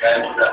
ya sudah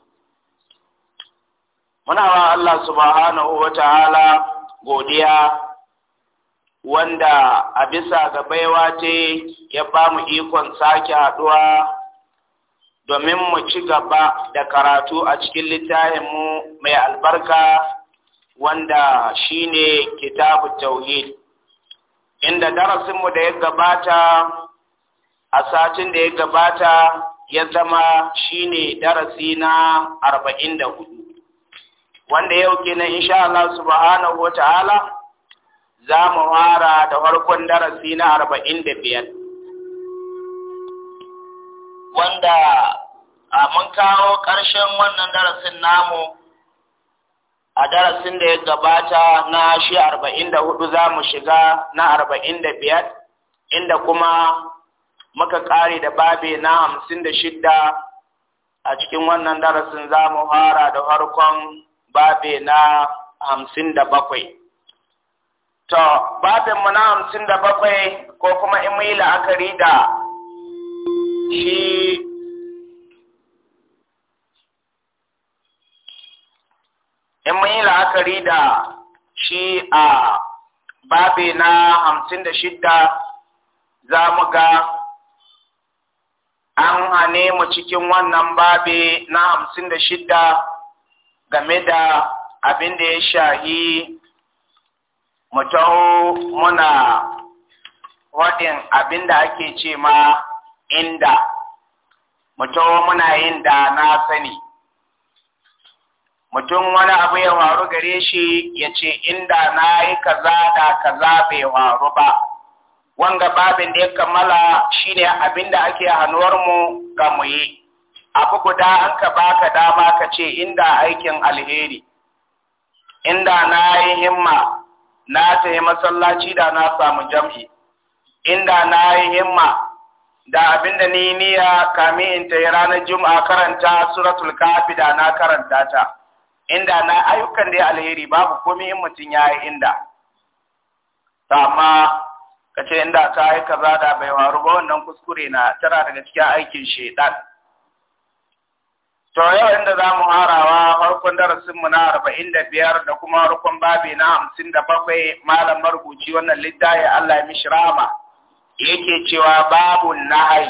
muna wa Allah subhanahu wa ta'ala godiya wanda a bisa ga baiwa ce ya ba mu ikon sake haɗuwa domin mu ci gaba da karatu a cikin littafinmu mai albarka wanda shine kitabu tauhid inda darasinmu da ya gabata a satin da ya gabata ya zama shine darasi na arba'in da hudu wanda yau kenan insha Allah subhanahu wata'ala za mu fara da farkon darasi na arba'in da biyar wanda mun kawo ƙarshen wannan darasin namu a darasin da ya gabata na shi arba'in da hudu za mu shiga na arba'in da biyar inda kuma muka ƙare da babe na hamsin da shidda a cikin wannan darasin za mu fara da farkon babe na hamsin da bakwai to babin mu na hamsin da bakwai ko kuma in mu yi la'akari da shi in mun yi la'akari da shi a babe na hamsin da shidda za mu ga an hane mu cikin wannan babe na hamsin da shidda game da abin da ya shahi mutaho muna waɗin abin da ake ce ma inda mutaho muna yin da na sani mutum wani abu ya faru gare shi ya ce inda na yi kaza da kaza bai faru ba wanga babin da ya kammala shine abin da ake hannuwar mu ga mu yi abu guda an ka baka dama ka ce inda aikin alheri inda na yi himma na ta yi masallaci da na samu jam'i inda na yi himma da abinda ni niya kamin in ta yi ranar juma'a karanta suratul kafi da na karanta ta inda na ayyukan da alheri babu komi in mutum ya yi inda amma ka ce inda ta yi kaza da bai faru ba wannan kuskure na tara daga cikin aikin shaidan To yau inda za mu harawa farkon darasinmu na arba'in da biyar da kuma farkon babi na hamsin da bakwai malam marubuci wannan littafi Allah ya mishi rama yake cewa babu nahai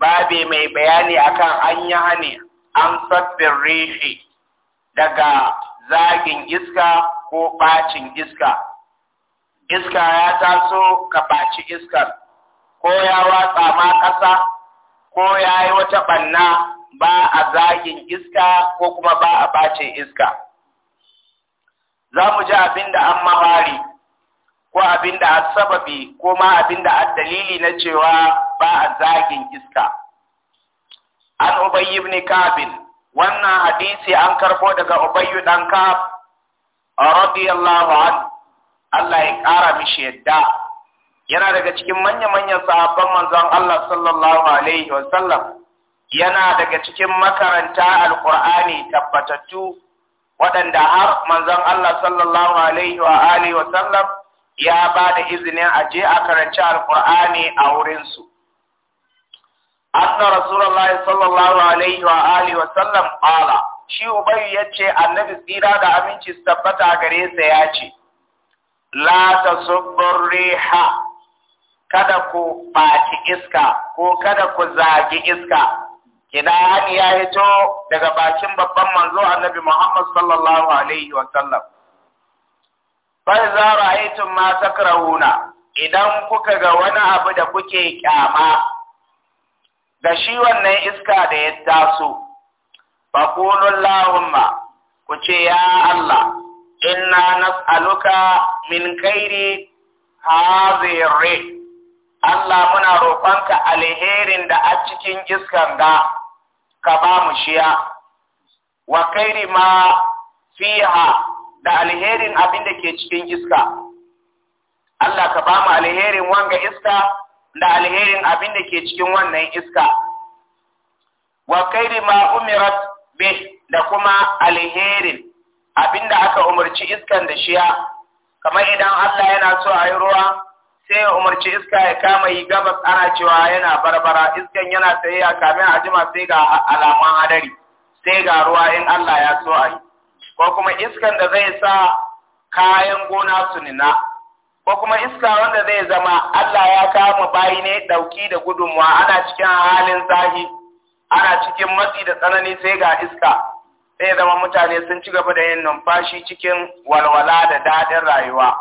Babu mai bayani akan an yi hani an sabbin rihi daga zagin iska ko bacin iska. Iska ya taso ka baci iskar ko ya watsa ma ƙasa ko ya yi wata ɓanna ba a zagin iska ko kuma ba a bace iska za mu ji abin da an mahari ko abin da an sababi ko ma abin da an dalili na cewa ba a zagin iska an ubayi ibn kabin wannan hadisi an karbo daga ubayyu ɗan kab radiyallahu an Allah ya ƙara mishi yadda yana daga cikin manya-manyan sahabban manzon Allah sallallahu alaihi wasallam. yana daga cikin makaranta alkur'ani tabbatattu waɗanda har manzon Allah sallallahu alaihi wa alihi wa sallam ya ba da izinin a je a karanci alkur'ani a wurin wurinsu anna rasulullahi sallallahu alaihi wa alihi wa sallam qala shi ubayy yace annabi tsira da aminci tabbata gare sa yace la tasubbur riha kada ku baki iska ko kada ku zagi iska kidahadi ya hito daga bakin babban manzo annabi Muhammad sallallahu alaihi wa sallam fa za ra'aytum ma takrahuna idan kuka ga wani abu da kuke kyama da shi wannan iska da ya taso fa qulu allahumma ku ce ya Allah inna nas'aluka min khairi hadhihi Allah muna roƙonka alherin da a cikin iskan da ka ba mu shiya wa kairi ma fiha da alherin abin da ke cikin iska Allah ka ba mu alherin wanga iska da alherin abin da ke cikin wannan iska wa kairi ma umirat bih da kuma alherin abin da aka umarci iskan da shiya kamar idan Allah yana so a yi ruwa sai ya umarci iska ya kama yi gabas ana cewa yana barbara iskan yana tsaye a kamin a jima sai ga alaman hadari sai ga ruwa in Allah ya so a yi ko kuma iskan da zai sa kayan gona su nuna ko kuma iska wanda zai zama Allah ya kama bayi ne dauki da gudunmuwa ana cikin halin zahi ana cikin matsi da tsanani sai ga iska sai zama mutane sun ci gaba da yin numfashi cikin walwala da daɗin rayuwa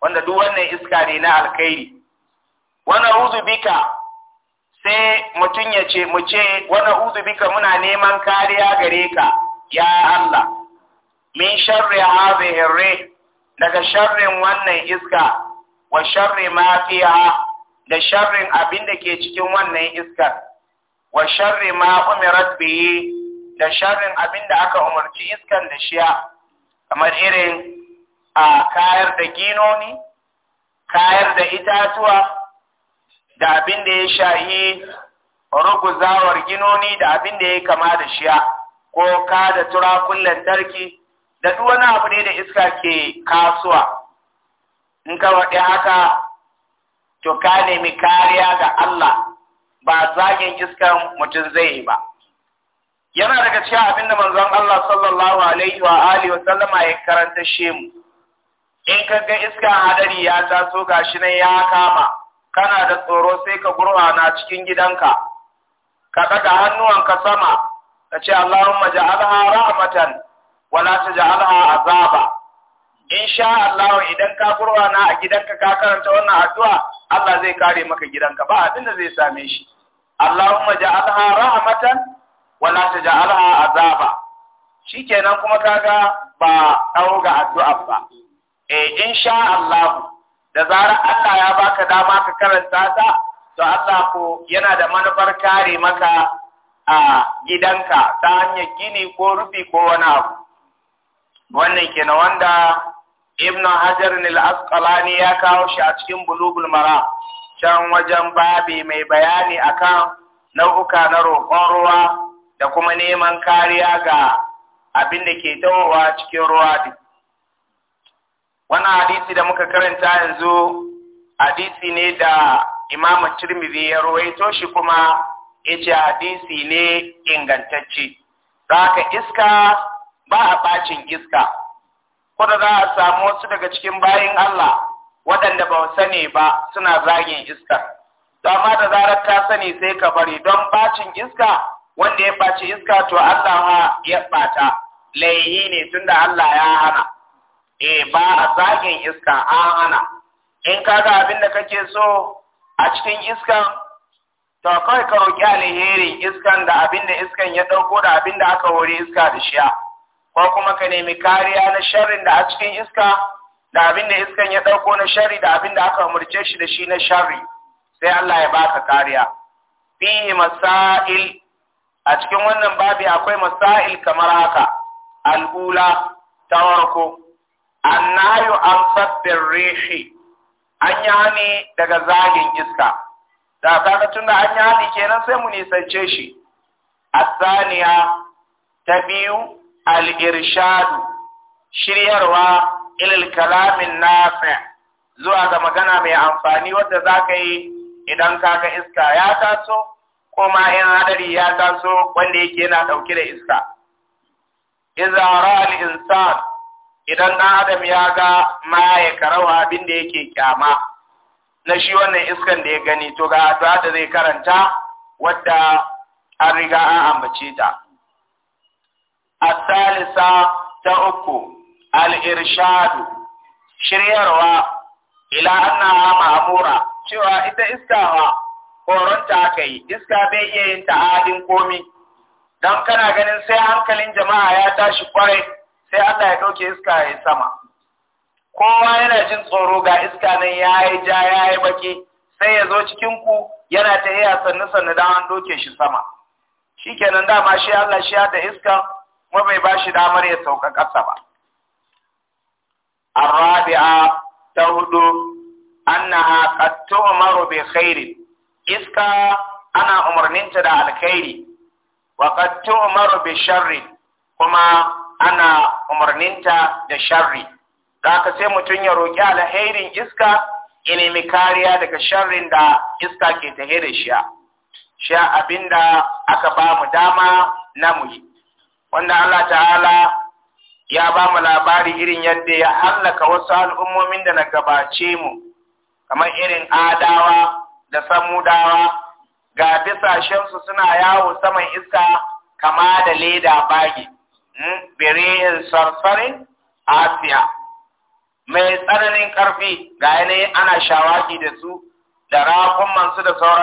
wanda duk wannan iska ne na alkhairi wana uzu bika sai mutum ya ce mu ce wana uzu bika muna neman kariya gare ka ya Allah min sharri hadhihi rih daga sharrin wannan iska wa sharri ma fiha da sharrin abin da ke cikin wannan iska wa sharri ma umirat bihi da sharrin abin da aka umarci iskan da shiya kamar irin a kayar da ginoni kayar da itatuwa da abin da ya shahi ruguzawar ginoni da abin da ya kama da shiya ko ka da turakun lantarki da duk abu ne da iska ke kasuwa in ka waɗe haka to ka nemi kariya ga Allah ba zagin iskan mutum zai yi ba yana daga cikin abin da manzon Allah sallallahu alaihi wa alihi wa sallama ya karanta shemu. in ka ga iska hadari ya taso shi nan ya kama kana da tsoro sai ka gurwana cikin gidanka ka daga hannuwanka sama ka ce Allahumma ja'alha rahmatan wala taj'alha azaba sha Allah idan ka gurwana a gidanka ka karanta wannan addu'a Allah zai kare maka gidanka ba abin da zai same shi Allahumma ja'alha rahmatan wala taj'alha azaba kenan kuma kaga ba dauga addu'a ba eh insha Allah da zarar Allah ya baka dama ka karanta ta to Allah ko yana da manufar kare maka a gidanka ta hanyar gini ko rufi ko wani abu wannan kenan wanda Ibn Hajar al-Asqalani ya kawo shi a cikin Bulughul Mara can wajen babi mai bayani akan nau'uka na roƙon ruwa da kuma neman kariya ga abin da ke tawowa cikin ruwa din wannan hadisi da muka karanta yanzu hadisi ne da imamu tirmidhi ya ruwaito shi kuma yace hadisi ne ingantacce ka iska ba a bacin iska kuma za a samu wasu daga cikin bayin Allah waɗanda ba sani ba suna zagin iska to amma da zarar ka sani sai ka bari don bacin iska wanda ya baci iska to Allah ya bata laihi ne tunda Allah ya hana eh ba a zagin iska an hana in ka ga abin da kake so a cikin iskan to kawai ka roƙi alherin iskan da abin da iskan ya ɗauko da abin da aka hore iska da shi ko kuma ka nemi kariya na sharrin da a cikin iska da abin da iskan ya ɗauko na sharri da abin da aka umarce shi da shi na sharri sai Allah ya baka kariya fihi masail a cikin wannan babi akwai masail kamar haka al'ula ta annayu an sabbin reshi an hani daga zagin iska da kaga tun da an yi kenan sai mu nisance shi asaniya ta biyu al-irshadu shiryarwa ilil kalamin nafi zuwa ga magana mai amfani wanda zaka yi idan kaga iska ya taso ko ma in hadari ya taso wanda yake yana ɗauke da iska ra al-insan idan ɗan adam ya ga ma ya karawa abin da yake kyama na shi wannan iskan da ya gani to ga addu'a da zai karanta wadda an riga an ambace ta asalisa ta uku al-irshadu shiryarwa ila annaha ma'mura cewa ita iskawa koronta kai iska bai iya yin ta'adin komi don kana ganin sai hankalin jama'a ya tashi kwarai sai Allah ya ɗauke iska ya yi sama kowa yana jin tsoro ga iska nan ya yi ja ya yi baki sai ya zo cikin ku yana ta iya sannu sannu da an ɗauke shi sama shikenan dama shi Allah shi da iska kuma bai ba shi damar ya sauka ƙasa ba arabi'a ta hudu annaha qad tu'maru bi khairin iska ana umarninta da alkhairi wa qad tu'maru bi sharrin kuma ana umarninta da sharri haka sai mutum ya roƙi alherin iska ya nemi kariya daga sharrin da iska ke tahe da shi sha abinda aka ba mu dama na mu yi wanda Allah ta'ala ya ba mu labari irin yadda ya hallaka wasu al'ummomin da na gabace mu kamar irin adawa da samudawa ga bisashensu suna yawo saman iska kama da leda bagi biri sarsarin asiya mai tsananin ƙarfi ga yanayi ana shawaki da su da rakun mansu da sauran